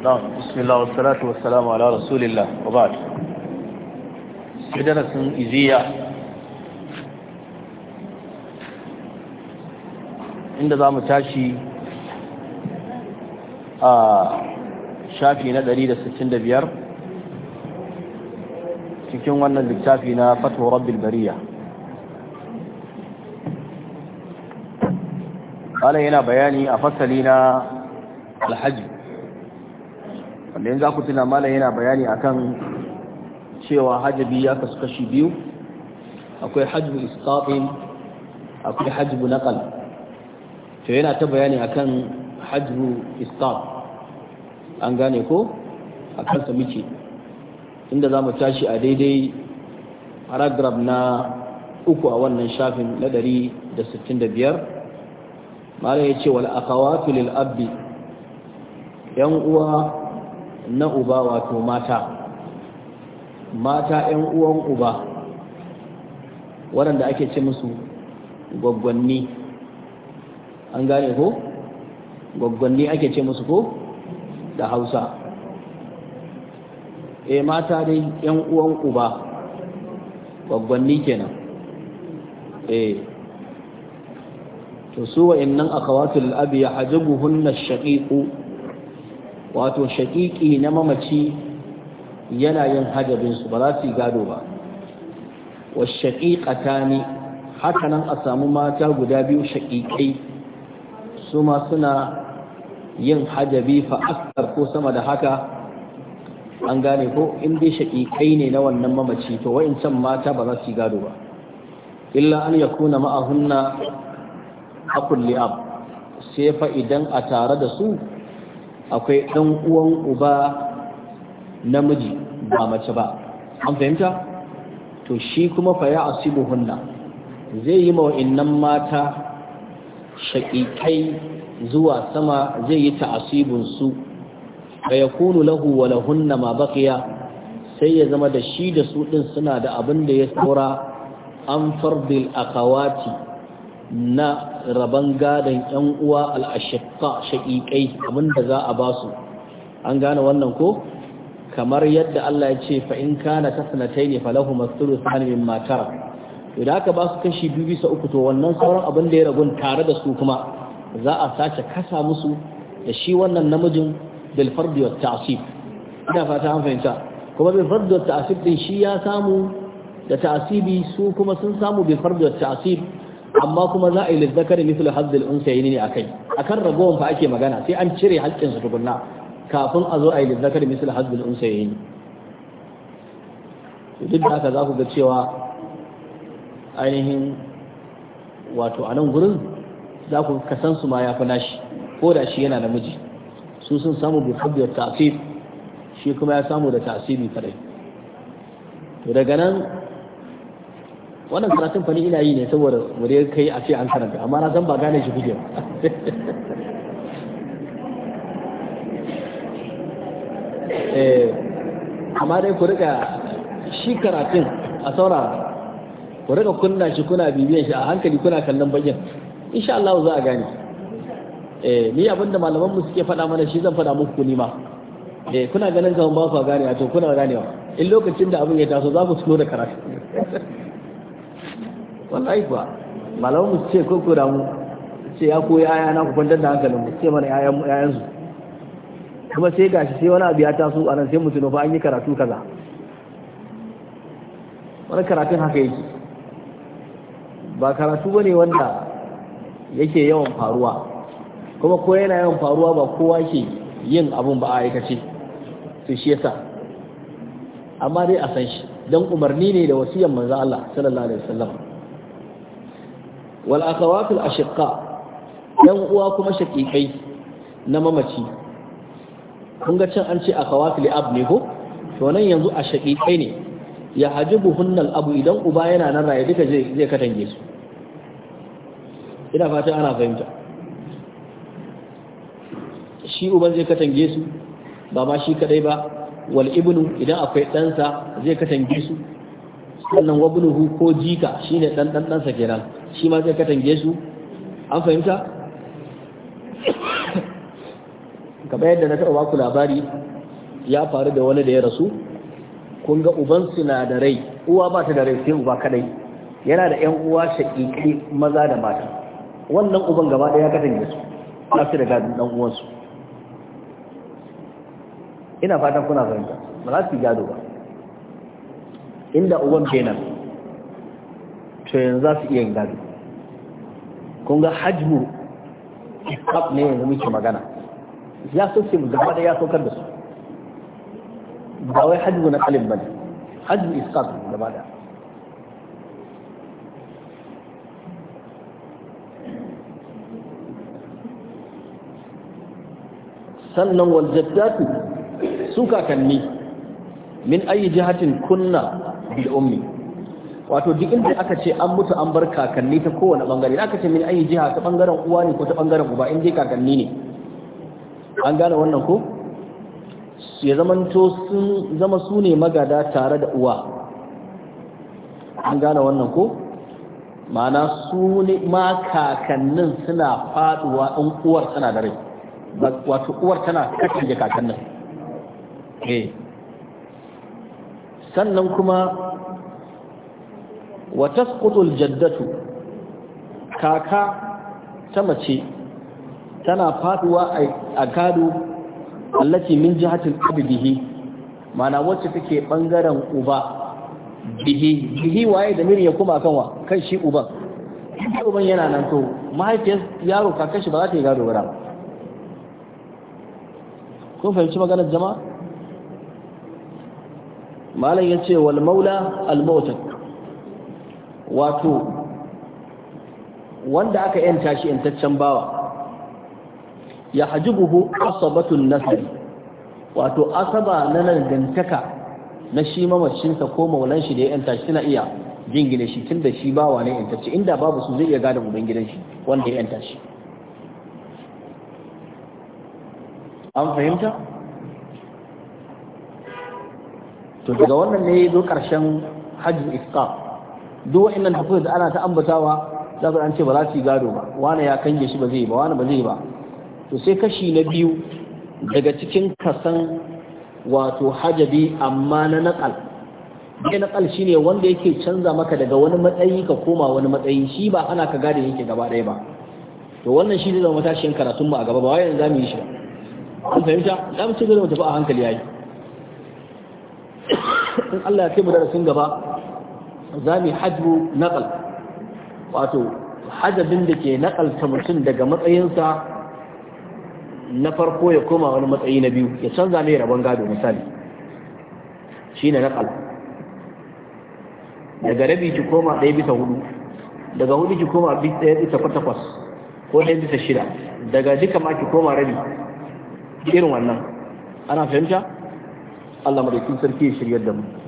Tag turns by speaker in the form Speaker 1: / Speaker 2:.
Speaker 1: na'am bismillah darasin iziya inda za mu tashi a shafi na 165 cikin wannan littafi na fatuhu rabbil bariya ala yana bayani a fasali na alhaji wanda za ku tuna malam yana bayani akan cewa hajjabi ya kasu kashi biyu akwai hajjabu istafin akwai hajjabu naƙal to yana ta bayani akan hajjabu istaf an gane ko a kansa muke inda za mu tashi a daidai paragraf na uku a wannan shafin na da da sittin biyar malam ya ce wal akhawatu abdi yan uwa na uba wato mata mata 'yan uwan uba waɗanda ake ce musu gwaggwanni an gane ko gwaggwanni ake ce musu ko da hausa e mata dai 'yan uwan uba gwaggwanni kenan e to su wa'annan akawatul abi ya hajjabuhun na wato shaƙiƙi na mamaci yana yin hajabinsu ba za su yi gado ba wa shaƙiƙata ne hakanan a samu mata guda biyu shaƙiƙai su ma suna yin hajabi fa'akar ko sama da haka an gane ko in dai shaƙiƙai ne na wannan mamaci to wa'incan mata ba za su yi gado ba illa an ya kuna ma'ahunna a kulli sai fa idan a tare da su akwai ɗan uwan uba namiji ba mace ba an fahimta to shi kuma fa ya hunna zai yi mawa'innan mata shaƙiƙai zuwa sama zai yi ta'asibinsu ba ya kunu lahu wa lahunna ma baqiya sai ya zama da shi da su ɗin suna da abin da ya saura an farbil akawati na raban gadon yan uwa al'ashiqa shaqiqai abinda za a basu an gane wannan ko kamar yadda Allah ya ce fa in kana tasnatayn falahu masduru sahani mimma tara idan aka ba su kashi biyu bisa uku to wannan sauran abin da ya ragun tare da su kuma za a sace kasa musu da shi wannan namijin bil fardi wat ina fata an fahimta kuma bil fardi wat din shi ya samu da ta'asibi su kuma sun samu bil fardi wat amma kuma za a yi lizzakari mislu unsa yini ne akai akan ragowan fa ake magana sai an cire hakkin su tukunna kafin a zo a yi lizzakari mislu hazzil unsayni duk da haka za ku ga cewa ainihin wato a nan gurin za ku kasan su ma ya fi nashi ko da shi yana namiji su sun samu bi habbi ta'sib shi kuma ya samu da ta'sibi kadai to daga nan wannan karatun fa ni ina yi ne saboda mu kai a ce an karanta amma na san ba gane shi kuke eh amma dai ku rika shi karatun a saura ku rika kunna shi kuna bibiyan shi a hankali kuna kallon bayan insha Allah za a gane eh ni abinda malaman mu suke faɗa mana shi zan faɗa muku ku ma eh kuna ganin zaman ba ku gane to kuna ganewa in lokacin da abin ya taso za ku tuno da karatu wallahi kuwa malamu mu ce ko ko da mu ce ya koyi aya na ku kwantar da hankalin mu ce mana yayan yayan su kuma sai gashi sai wani abu ya taso anan sai mutum fa an yi karatu kaza wani karatun haka yake ba karatu bane wanda yake yawan faruwa kuma ko yana yawan faruwa ba kowa ke yin abun ba a aikace to shi yasa amma dai a san shi dan umarni ne da wasiyar manzo Allah sallallahu alaihi wasallam wal a ashqa yan uwa kuma shakikai na mamaci kun ga can an ce akhawatul ab ne ko to nan yanzu a shakikai ne ya hajibu hunnal abu idan uba yana nan raya duka zai katange su ina fata ana fahimta shi uban zai katange su ba ma shi kadai ba wal ibnu idan akwai ɗansa zai katange su sannan wabnuhu ko jika shi ne ɗanɗanɗansa ke nan, shi ma zai katange su an fahimta kamar yadda na taɓa baku labari ya faru da wani da ya rasu kun ga uban sinadarai, da rai uwa ba ta da rai sai uba kadai yana da yan uwa shaƙiƙi maza da mata wannan uban gaba ɗaya katange su ba su da gadin ɗan uwansu ina fatan kuna fahimta ba za su yi gado ba inda uban kenan to yanzu za su iya gari. gado kun ga hajmu ikab ne yanzu muke magana ya so su gaba da ya saukar da su ba wai hajmu na kalin ba ne hajmu iskab gaba da sannan waljaddatu su kakanni min ayi jihatin kunna fi ummi wato duk inda aka ce an mutu an bar kakanni ta kowane bangare aka ce min ayi jiha ta bangaren uwa ne ko ta bangaren uba in dai kakanni ne an gane wannan ko ya zamanto sun zama su ne magada tare da uwa an gane wannan ko ma'ana su ne ma kakannin suna faduwa in uwar tana da rai wato uwar tana kakan kakannin eh sannan kuma wa tasqutul jaddatu kaka ta mace tana faduwa a gado allati min jihatil abdihi mana wacce take bangaren uba bihi bihi waye da miri ya kuma kan kan shi uban uban yana nan to mahaifiyar yaro kakashi ba za ta yi gado ba kun fahimci maganar jama'a malam ya ce wal maula al-mautak wato wanda aka yanta shi intaccen bawa ya hajibuhu asabatun nasari wato asaba na dantaka na shi mamacinsa ko maulan shi da ya yanta shi suna iya jingine shi tun da shi bawa ne yantacce inda babu su zai iya gada uban gidan shi wanda ya yanta shi an fahimta to daga wannan ne zo karshen hajji ifqa duk wa'annan hafiz da ana ta ambatawa za ku an ce ba za su yi gado ba wani ya kange shi ba zai ba wani ba zai ba to sai kashi na biyu daga cikin kasan wato hajabi amma na nakal bai nakal shine wanda yake canza maka daga wani matsayi ka koma wani matsayi shi ba ana ka gada yake gaba ɗaya ba to wannan shi zai zama matashin karatun mu a gaba ba wayan za zamu yi shi ba an fahimta za mu ci gaba mu tafi a hankali yayi in Allah ya kai darasin gaba za mu yi hajju naqal wato hajjabin da ke naƙalta mutum daga matsayinsa na farko ya koma wani matsayi na biyu ya canza mai rabon gado misali shi ne naƙal daga rabi ki koma ɗaya bisa hudu daga hudu ki koma ɗaya bisa takwas ko ɗaya bisa shida daga duka ma ki koma rabi irin wannan ana fahimta Allah madaukin sarki ya shiryar da mu